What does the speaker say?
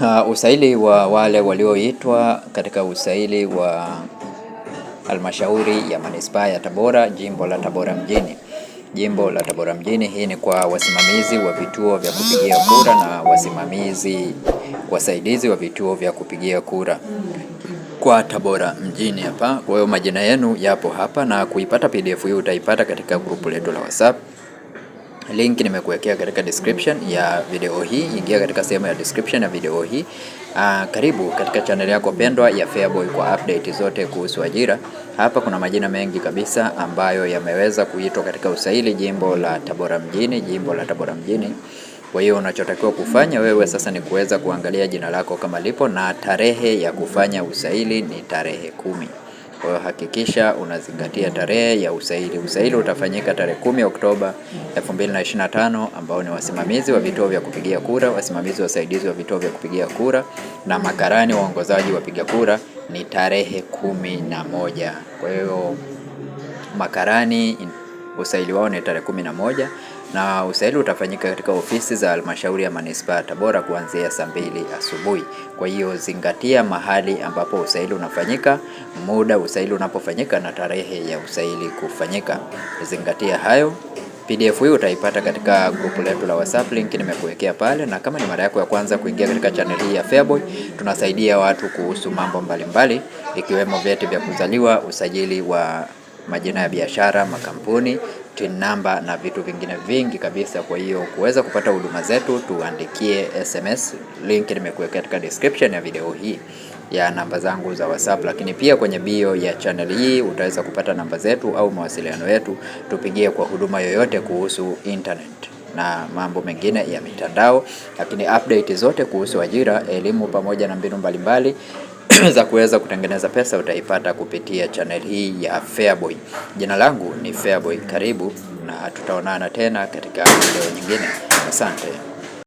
uh, usaili wa wale walioitwa katika usaili wa halmashauri ya manispaa ya Tabora jimbo la Tabora mjini jimbo la Tabora mjini. Hii ni kwa wasimamizi wa vituo vya kupigia kura na wasimamizi wasaidizi wa vituo vya kupigia kura kwa Tabora mjini hapa. Kwa hiyo majina yenu yapo hapa, na kuipata PDF hii utaipata katika grupu letu la WhatsApp. Link nimekuwekea katika description ya video hii. Ingia katika sehemu ya description ya video hii. Uh, karibu katika channel yako pendwa ya Feaboy kwa update zote kuhusu ajira. Hapa kuna majina mengi kabisa ambayo yameweza kuitwa katika usaili jimbo la Tabora mjini, jimbo la Tabora mjini. Kwa hiyo unachotakiwa kufanya wewe sasa ni kuweza kuangalia jina lako kama lipo, na tarehe ya kufanya usaili ni tarehe kumi. Kwa hiyo hakikisha unazingatia tarehe ya usaili. Usaili utafanyika tarehe kumi Oktoba 2025, ambao ni wasimamizi wa vituo vya kupigia kura, wasimamizi wasaidizi wa vituo vya kupigia kura na makarani waongozaji wapiga kura ni tarehe kumi na moja. Kwa hiyo makarani usaili wao ni tarehe kumi na moja na usaili utafanyika katika ofisi za halmashauri ya manispaa ya Tabora kuanzia saa mbili asubuhi. Kwa hiyo zingatia mahali ambapo usaili unafanyika, muda usaili unapofanyika na tarehe ya usaili kufanyika. Zingatia hayo. PDF hii utaipata katika grupu letu la WhatsApp, link nimekuwekea pale. Na kama ni mara yako ya kwanza kuingia katika channel hii ya Feaboy, tunasaidia watu kuhusu mambo mbalimbali mbali, ikiwemo vyeti vya kuzaliwa, usajili wa majina ya biashara, makampuni TIN number na vitu vingine vingi kabisa. Kwa hiyo kuweza kupata huduma zetu, tuandikie SMS. Link nimekuwekea katika description ya video hii ya namba zangu za WhatsApp, lakini pia kwenye bio ya channel hii utaweza kupata namba zetu au mawasiliano yetu. Tupigie kwa huduma yoyote kuhusu internet na mambo mengine ya mitandao, lakini update zote kuhusu ajira, elimu pamoja na mbinu mbalimbali za kuweza kutengeneza pesa utaipata kupitia channel hii ya Feaboy. Jina langu ni Feaboy, karibu na tutaonana tena katika video nyingine. Asante.